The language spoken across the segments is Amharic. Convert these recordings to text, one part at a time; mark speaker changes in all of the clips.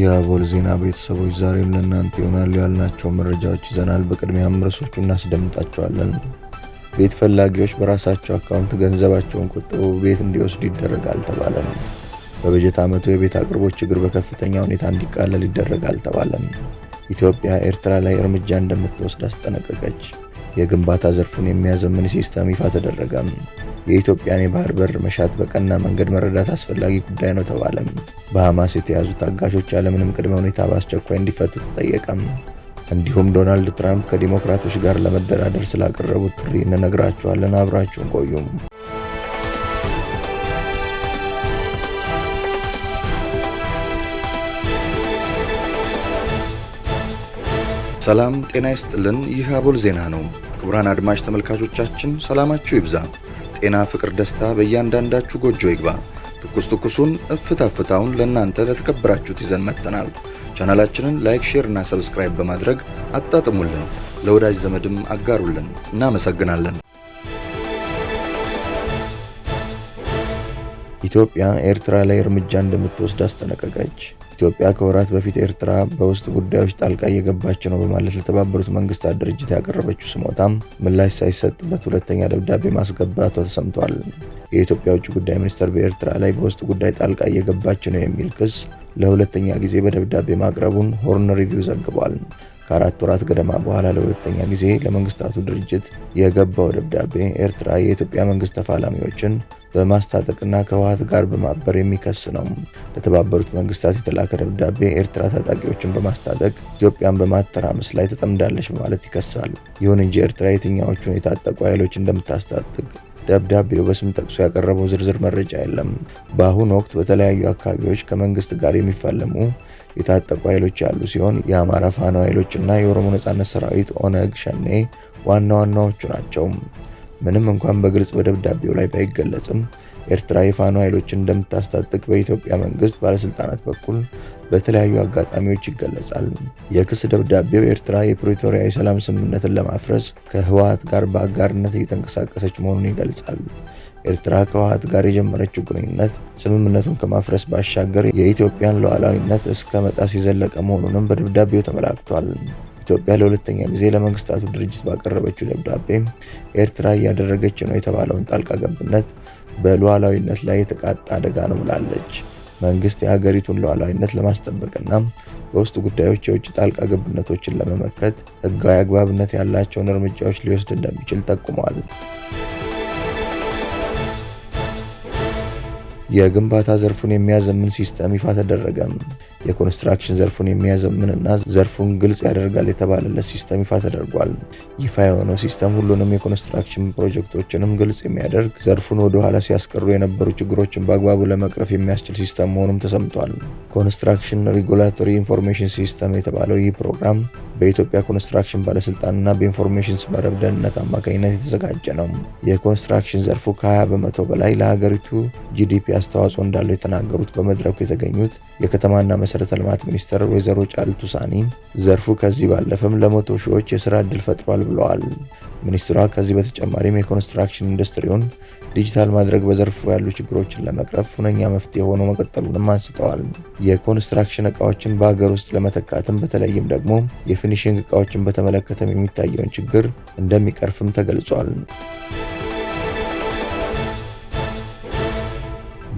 Speaker 1: የአቦል ዜና ቤተሰቦች ዛሬም ለእናንተ ይሆናሉ ያልናቸው መረጃዎች ይዘናል። በቅድሚያም ርዕሶቹ እናስደምጣቸዋለን። ቤት ፈላጊዎች በራሳቸው አካውንት ገንዘባቸውን ቆጥበው ቤት እንዲወስዱ ይደረጋል ተባለም። በበጀት ዓመቱ የቤት አቅርቦት ችግር በከፍተኛ ሁኔታ እንዲቃለል ይደረጋል ተባለም። ኢትዮጵያ ኤርትራ ላይ እርምጃ እንደምትወስድ አስጠነቀቀች። የግንባታ ዘርፉን የሚያዘምን ሲስተም ይፋ ተደረገም። የኢትዮጵያን የባህር በር መሻት በቀና መንገድ መረዳት አስፈላጊ ጉዳይ ነው ተባለም። በሐማስ የተያዙ ታጋሾች ያለምንም ቅድመ ሁኔታ በአስቸኳይ እንዲፈቱ ተጠየቀም። እንዲሁም ዶናልድ ትራምፕ ከዲሞክራቶች ጋር ለመደራደር ስላቀረቡት ጥሪ እንነግራችኋለን። አብራችሁን ቆዩም።
Speaker 2: ሰላም ጤና ይስጥልን። ይህ አቦል ዜና ነው። ክቡራን አድማጭ ተመልካቾቻችን ሰላማችሁ ይብዛ። ጤና፣ ፍቅር፣ ደስታ በእያንዳንዳችሁ ጎጆ ይግባ። ትኩስ ትኩሱን እፍታ ፍታውን ለእናንተ ለተከበራችሁት ይዘን መጥተናል። ቻናላችንን ላይክ፣ ሼር እና ሰብስክራይብ በማድረግ አጣጥሙልን፣ ለወዳጅ ዘመድም አጋሩልን። እናመሰግናለን።
Speaker 1: ኢትዮጵያ ኤርትራ ላይ እርምጃ እንደምትወስድ አስጠነቀቀች። ኢትዮጵያ ከወራት በፊት ኤርትራ በውስጥ ጉዳዮች ጣልቃ እየገባች ነው በማለት ለተባበሩት መንግስታት ድርጅት ያቀረበችው ስሞታም ምላሽ ሳይሰጥበት ሁለተኛ ደብዳቤ ማስገባቷ ተሰምቷል። የኢትዮጵያ ውጭ ጉዳይ ሚኒስቴር በኤርትራ ላይ በውስጥ ጉዳይ ጣልቃ እየገባች ነው የሚል ክስ ለሁለተኛ ጊዜ በደብዳቤ ማቅረቡን ሆርን ሪቪው ዘግቧል። ከአራት ወራት ገደማ በኋላ ለሁለተኛ ጊዜ ለመንግስታቱ ድርጅት የገባው ደብዳቤ ኤርትራ የኢትዮጵያ መንግስት ተፋላሚዎችን በማስታጠቅና ከውሃት ጋር በማበር የሚከስ ነው። ለተባበሩት መንግስታት የተላከ ደብዳቤ ኤርትራ ታጣቂዎችን በማስታጠቅ ኢትዮጵያን በማተራመስ ላይ ተጠምዳለች በማለት ይከሳል። ይሁን እንጂ ኤርትራ የትኛዎቹን የታጠቁ ኃይሎች እንደምታስታጥቅ ደብዳቤው በስም ጠቅሶ ያቀረበው ዝርዝር መረጃ የለም። በአሁኑ ወቅት በተለያዩ አካባቢዎች ከመንግስት ጋር የሚፋለሙ የታጠቁ ኃይሎች ያሉ ሲሆን የአማራ ፋኖ ኃይሎችና የኦሮሞ ነጻነት ሰራዊት ኦነግ ሸኔ ዋና ዋናዎቹ ናቸው። ምንም እንኳን በግልጽ በደብዳቤው ላይ ባይገለጽም ኤርትራ የፋኖ ኃይሎችን እንደምታስታጥቅ በኢትዮጵያ መንግስት ባለስልጣናት በኩል በተለያዩ አጋጣሚዎች ይገለጻል። የክስ ደብዳቤው ኤርትራ የፕሪቶሪያ የሰላም ስምምነትን ለማፍረስ ከህወሀት ጋር በአጋርነት እየተንቀሳቀሰች መሆኑን ይገልጻል። ኤርትራ ከህወሀት ጋር የጀመረችው ግንኙነት ስምምነቱን ከማፍረስ ባሻገር የኢትዮጵያን ሉዓላዊነት እስከ መጣስ የዘለቀ መሆኑንም በደብዳቤው ተመላክቷል። ኢትዮጵያ ለሁለተኛ ጊዜ ለመንግስታቱ ድርጅት ባቀረበችው ደብዳቤ ኤርትራ እያደረገች ነው የተባለውን ጣልቃ ገብነት በሉዓላዊነት ላይ የተቃጣ አደጋ ነው ብላለች። መንግስት የሀገሪቱን ሉዓላዊነት ለማስጠበቅና በውስጥ ጉዳዮች የውጭ ጣልቃ ገብነቶችን ለመመከት ህጋዊ አግባብነት ያላቸውን እርምጃዎች ሊወስድ እንደሚችል ጠቁሟል። የግንባታ ዘርፉን የሚያዘምን ሲስተም ይፋ ተደረገም። የኮንስትራክሽን ዘርፉን የሚያዘምንና ዘርፉን ግልጽ ያደርጋል የተባለለት ሲስተም ይፋ ተደርጓል። ይፋ የሆነው ሲስተም ሁሉንም የኮንስትራክሽን ፕሮጀክቶችንም ግልጽ የሚያደርግ ዘርፉን ወደኋላ ሲያስቀሩ የነበሩ ችግሮችን በአግባቡ ለመቅረፍ የሚያስችል ሲስተም መሆኑም ተሰምቷል። ኮንስትራክሽን ሬጉላቶሪ ኢንፎርሜሽን ሲስተም የተባለው ይህ ፕሮግራም በኢትዮጵያ ኮንስትራክሽን ባለስልጣንና በኢንፎርሜሽን መረብ ደህንነት አማካኝነት የተዘጋጀ ነው። የኮንስትራክሽን ዘርፉ ከ20 በመቶ በላይ ለሀገሪቱ ጂዲፒ አስተዋጽኦ እንዳለው የተናገሩት በመድረኩ የተገኙት የከተማና መሰረተ ልማት ሚኒስትር ወይዘሮ ጫልቱ ሳኒ ዘርፉ ከዚህ ባለፈም ለመቶ ሺዎች የስራ ዕድል ፈጥሯል ብለዋል። ሚኒስትሯ ከዚህ በተጨማሪም የኮንስትራክሽን ኢንዱስትሪውን ዲጂታል ማድረግ በዘርፉ ያሉ ችግሮችን ለመቅረፍ ሁነኛ መፍትሄ ሆኖ መቀጠሉንም አንስተዋል። የኮንስትራክሽን እቃዎችን በሀገር ውስጥ ለመተካትም በተለይም ደግሞ የፊኒሽንግ እቃዎችን በተመለከተም የሚታየውን ችግር እንደሚቀርፍም ተገልጿል።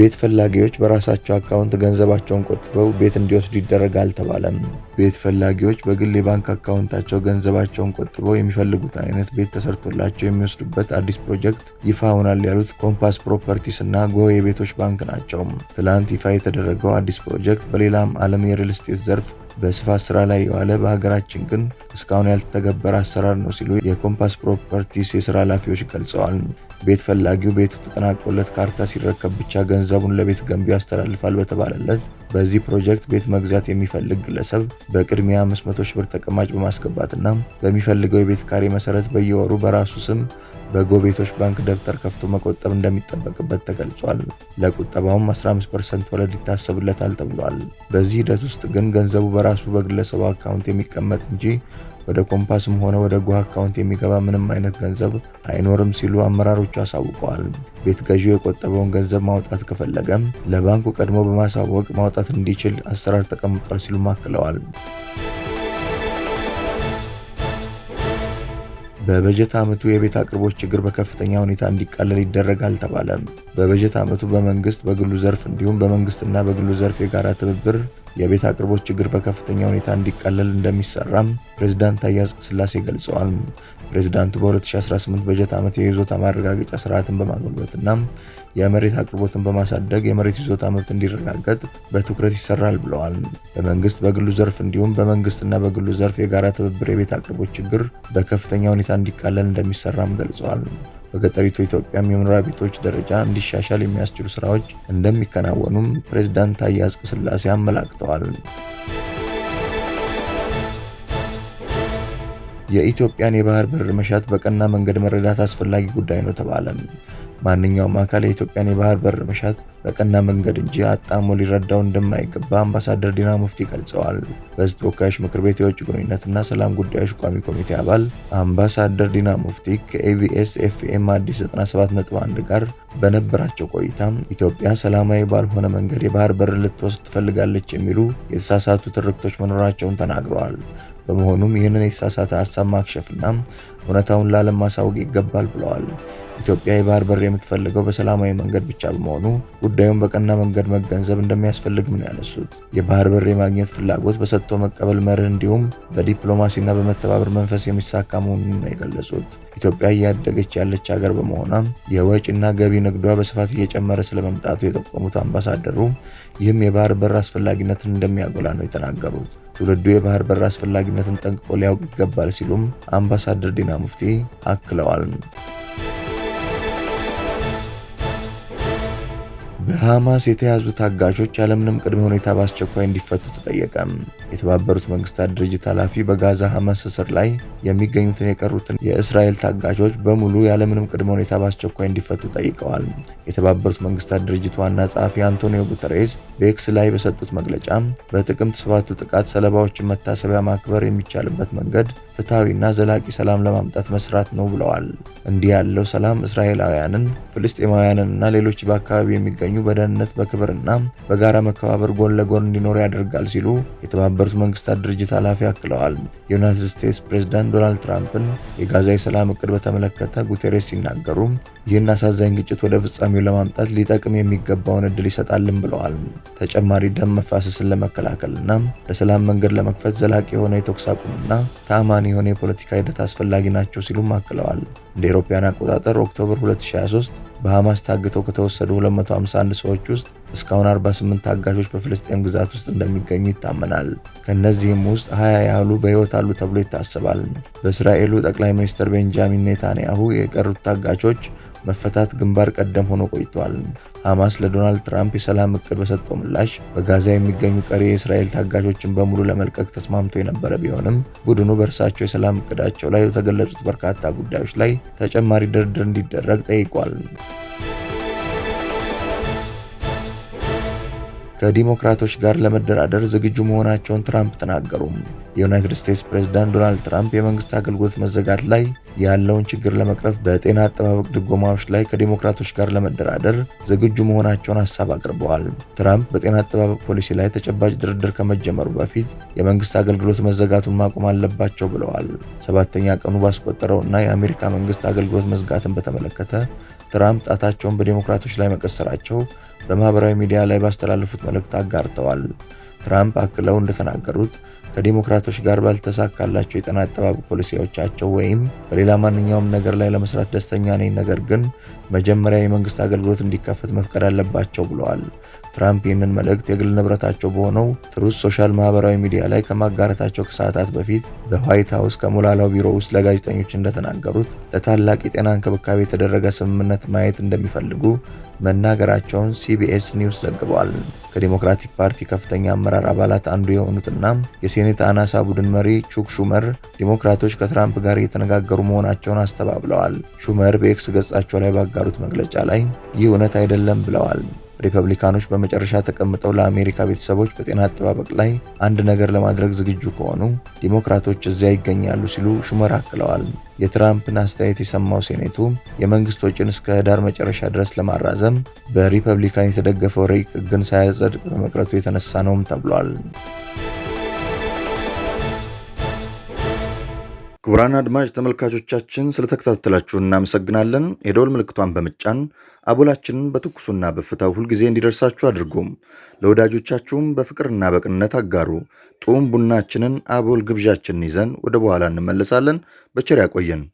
Speaker 1: ቤት ፈላጊዎች በራሳቸው አካውንት ገንዘባቸውን ቆጥበው ቤት እንዲወስዱ ይደረግ አልተባለም። ቤት ፈላጊዎች በግል የባንክ አካውንታቸው ገንዘባቸውን ቆጥበው የሚፈልጉትን አይነት ቤት ተሰርቶላቸው የሚወስዱበት አዲስ ፕሮጀክት ይፋ ሆናል ያሉት ኮምፓስ ፕሮፐርቲስ እና ጎ የቤቶች ባንክ ናቸው። ትላንት ይፋ የተደረገው አዲስ ፕሮጀክት በሌላም ዓለም የሪል ስቴት ዘርፍ በስፋት ስራ ላይ የዋለ በሀገራችን ግን እስካሁን ያልተተገበረ አሰራር ነው ሲሉ የኮምፓስ ፕሮፐርቲስ የስራ ኃላፊዎች ገልጸዋል። ቤት ፈላጊው ቤቱ ተጠናቆለት ካርታ ሲረከብ ብቻ ገንዘቡን ለቤት ገንቢው ያስተላልፋል በተባለለት በዚህ ፕሮጀክት ቤት መግዛት የሚፈልግ ግለሰብ በቅድሚያ 500 ሺህ ብር ተቀማጭ በማስገባትና በሚፈልገው የቤት ካሬ መሰረት በየወሩ በራሱ ስም በጎ ቤቶች ባንክ ደብተር ከፍቶ መቆጠብ እንደሚጠበቅበት ተገልጿል። ለቁጠባውም 15% ወለድ ይታሰብለታል ተብሏል። በዚህ ሂደት ውስጥ ግን ገንዘቡ በራሱ በግለሰቡ አካውንት የሚቀመጥ እንጂ ወደ ኮምፓስም ሆነ ወደ ጎህ አካውንት የሚገባ ምንም አይነት ገንዘብ አይኖርም ሲሉ አመራሮቹ አሳውቀዋል። ቤት ገዢው የቆጠበውን ገንዘብ ማውጣት ከፈለገም ለባንኩ ቀድሞ በማሳወቅ ማውጣት እንዲችል አሰራር ተቀምጧል ሲሉ ማክለዋል። በበጀት ዓመቱ የቤት አቅርቦት ችግር በከፍተኛ ሁኔታ እንዲቃለል ይደረጋል ተባለ። በበጀት ዓመቱ በመንግስት በግሉ ዘርፍ እንዲሁም በመንግስትና በግሉ ዘርፍ የጋራ ትብብር የቤት አቅርቦት ችግር በከፍተኛ ሁኔታ እንዲቀለል እንደሚሰራም ፕሬዝዳንት ታዬ አጽቀሥላሴ ገልጸዋል። ፕሬዝዳንቱ በ2018 በጀት ዓመት የይዞታ ማረጋገጫ ስርዓትን በማጎልበትና የመሬት አቅርቦትን በማሳደግ የመሬት ይዞታ መብት እንዲረጋገጥ በትኩረት ይሰራል ብለዋል። በመንግስት በግሉ ዘርፍ እንዲሁም በመንግስትና በግሉ ዘርፍ የጋራ ትብብር የቤት አቅርቦት ችግር በከፍተኛ ሁኔታ እንዲቃለል እንደሚሰራም ገልጸዋል። በገጠሪቱ ኢትዮጵያም የመኖሪያ ቤቶች ደረጃ እንዲሻሻል የሚያስችሉ ስራዎች እንደሚከናወኑም ፕሬዝዳንት ታዬ አጽቀሥላሴ አመላክተዋል። የኢትዮጵያን የባህር በር መሻት በቀና መንገድ መረዳት አስፈላጊ ጉዳይ ነው ተባለም። ማንኛውም አካል የኢትዮጵያን የባህር በር መሻት በቀና መንገድ እንጂ አጣሞ ሊረዳው እንደማይገባ አምባሳደር ዲና ሙፍቲ ገልጸዋል። በሕዝብ ተወካዮች ምክር ቤት የውጭ ግንኙነትና ሰላም ጉዳዮች ቋሚ ኮሚቴ አባል አምባሳደር ዲና ሙፍቲ ከኤቢኤስ ኤፍኤም አዲስ 97.1 ጋር በነበራቸው ቆይታ ኢትዮጵያ ሰላማዊ ባልሆነ መንገድ የባህር በር ልትወስድ ትፈልጋለች የሚሉ የተሳሳቱ ትርክቶች መኖራቸውን ተናግረዋል። በመሆኑም ይህንን የተሳሳተ ሀሳብ ማክሸፍና እውነታውን ለዓለም ማሳወቅ ይገባል ብለዋል። ኢትዮጵያ የባህር በር የምትፈልገው በሰላማዊ መንገድ ብቻ በመሆኑ ጉዳዩን በቀና መንገድ መገንዘብ እንደሚያስፈልግም ነው ያነሱት። የባህር በር የማግኘት ፍላጎት በሰጥቶ መቀበል መርህ እንዲሁም በዲፕሎማሲና በመተባበር መንፈስ የሚሳካ መሆኑን ነው የገለጹት። ኢትዮጵያ እያደገች ያለች ሀገር በመሆኗም የወጪና ገቢ ንግዷ በስፋት እየጨመረ ስለመምጣቱ የጠቆሙት አምባሳደሩ ይህም የባህር በር አስፈላጊነትን እንደሚያጎላ ነው የተናገሩት። ትውልዱ የባህር በር አስፈላጊነትን ጠንቅቆ ሊያውቅ ይገባል ሲሉም አምባሳደር ዲና ዲና ሙፍቲ አክለዋል። በሐማስ የተያዙ ታጋቾች ያለምንም ቅድመ ሁኔታ በአስቸኳይ እንዲፈቱ ተጠየቀም። የተባበሩት መንግስታት ድርጅት ኃላፊ በጋዛ ሐማስ እስር ላይ የሚገኙትን የቀሩትን የእስራኤል ታጋቾች በሙሉ ያለምንም ቅድመ ሁኔታ በአስቸኳይ እንዲፈቱ ጠይቀዋል። የተባበሩት መንግስታት ድርጅት ዋና ጸሐፊ አንቶኒዮ ጉተሬስ በኤክስ ላይ በሰጡት መግለጫ በጥቅምት ሰባቱ ጥቃት ሰለባዎችን መታሰቢያ ማክበር የሚቻልበት መንገድ ፍትሐዊና ዘላቂ ሰላም ለማምጣት መስራት ነው ብለዋል። እንዲህ ያለው ሰላም እስራኤላውያንን፣ ፍልስጤማውያንንና ሌሎች በአካባቢው የሚገኙ በደህንነት በክብርና በጋራ መከባበር ጎን ለጎን እንዲኖር ያደርጋል ሲሉ የተባበሩት መንግስታት ድርጅት ኃላፊ አክለዋል። የዩናይትድ ስቴትስ ፕሬዚዳንት ዶናልድ ትራምፕን የጋዛ የሰላም እቅድ በተመለከተ ጉቴሬስ ሲናገሩ ይህን አሳዛኝ ግጭት ወደ ፍጻሜው ለማምጣት ሊጠቅም የሚገባውን እድል ይሰጣልን ብለዋል። ተጨማሪ ደም መፋሰስን ለመከላከልና ለሰላም መንገድ ለመክፈት ዘላቂ የሆነ የተኩስ አቁምና ተአማኒ የሆነ የፖለቲካ ሂደት አስፈላጊ ናቸው ሲሉም አክለዋል። እንደ አውሮፓውያን አቆጣጠር ኦክቶበር 2023 በሐማስ ታግተው ከተወሰዱ 251 ሰዎች ውስጥ እስካሁን 48 ታጋቾች በፍልስጤም ግዛት ውስጥ እንደሚገኙ ይታመናል። ከእነዚህም ውስጥ 20 ያህሉ በሕይወት አሉ ተብሎ ይታሰባል። በእስራኤሉ ጠቅላይ ሚኒስትር ቤንጃሚን ኔታንያሁ የቀሩት ታጋቾች መፈታት ግንባር ቀደም ሆኖ ቆይተዋል። ሐማስ ለዶናልድ ትራምፕ የሰላም እቅድ በሰጠው ምላሽ በጋዛ የሚገኙ ቀሪ የእስራኤል ታጋቾችን በሙሉ ለመልቀቅ ተስማምቶ የነበረ ቢሆንም ቡድኑ በእርሳቸው የሰላም እቅዳቸው ላይ በተገለጹት በርካታ ጉዳዮች ላይ ተጨማሪ ድርድር እንዲደረግ ጠይቋል። ከዲሞክራቶች ጋር ለመደራደር ዝግጁ መሆናቸውን ትራምፕ ተናገሩም። የዩናይትድ ስቴትስ ፕሬዝዳንት ዶናልድ ትራምፕ የመንግስት አገልግሎት መዘጋት ላይ ያለውን ችግር ለመቅረፍ በጤና አጠባበቅ ድጎማዎች ላይ ከዲሞክራቶች ጋር ለመደራደር ዝግጁ መሆናቸውን ሀሳብ አቅርበዋል። ትራምፕ በጤና አጠባበቅ ፖሊሲ ላይ ተጨባጭ ድርድር ከመጀመሩ በፊት የመንግስት አገልግሎት መዘጋቱን ማቆም አለባቸው ብለዋል። ሰባተኛ ቀኑ ባስቆጠረው እና የአሜሪካ መንግስት አገልግሎት መዝጋትን በተመለከተ ትራምፕ ጣታቸውን በዴሞክራቶች ላይ መቀሰራቸው በማህበራዊ ሚዲያ ላይ ባስተላለፉት መልእክት አጋርተዋል። ትራምፕ አክለው እንደተናገሩት ከዲሞክራቶች ጋር ባልተሳካላቸው የጤና አጠባበቅ ፖሊሲዎቻቸው ወይም በሌላ ማንኛውም ነገር ላይ ለመስራት ደስተኛ ነኝ፣ ነገር ግን መጀመሪያ የመንግስት አገልግሎት እንዲከፈት መፍቀድ አለባቸው ብለዋል። ትራምፕ ይህንን መልእክት የግል ንብረታቸው በሆነው ትሩዝ ሶሻል ማህበራዊ ሚዲያ ላይ ከማጋረታቸው ከሰዓታት በፊት በዋይት ሀውስ ከሞላላው ቢሮ ውስጥ ለጋዜጠኞች እንደተናገሩት ለታላቅ የጤና እንክብካቤ የተደረገ ስምምነት ማየት እንደሚፈልጉ መናገራቸውን ሲቢኤስ ኒውስ ዘግበዋል። ከዲሞክራቲክ ፓርቲ ከፍተኛ አመራር አባላት አንዱ የሆኑትና የሴኔት አናሳ ቡድን መሪ ቹክ ሹመር ዲሞክራቶች ከትራምፕ ጋር እየተነጋገሩ መሆናቸውን አስተባብለዋል። ሹመር በኤክስ ገጻቸው ላይ ባጋሩት መግለጫ ላይ ይህ እውነት አይደለም ብለዋል። ሪፐብሊካኖች በመጨረሻ ተቀምጠው ለአሜሪካ ቤተሰቦች በጤና አጠባበቅ ላይ አንድ ነገር ለማድረግ ዝግጁ ከሆኑ ዲሞክራቶች እዚያ ይገኛሉ ሲሉ ሹመር አክለዋል። የትራምፕን አስተያየት የሰማው ሴኔቱ የመንግስት ወጪን እስከ ህዳር መጨረሻ ድረስ ለማራዘም በሪፐብሊካን የተደገፈው ረቂቅ ግን ሳያጸድቅ በመቅረቱ የተነሳ ነውም ተብሏል።
Speaker 2: ክቡራን አድማጭ ተመልካቾቻችን ስለተከታተላችሁ እናመሰግናለን። የደወል ምልክቷን በምጫን አቦላችንን በትኩሱና በፍታው ሁልጊዜ እንዲደርሳችሁ አድርጉም። ለወዳጆቻችሁም በፍቅርና በቅንነት አጋሩ። ጡም ቡናችንን አቦል ግብዣችንን ይዘን ወደ በኋላ እንመለሳለን። በቸር ያቆየን።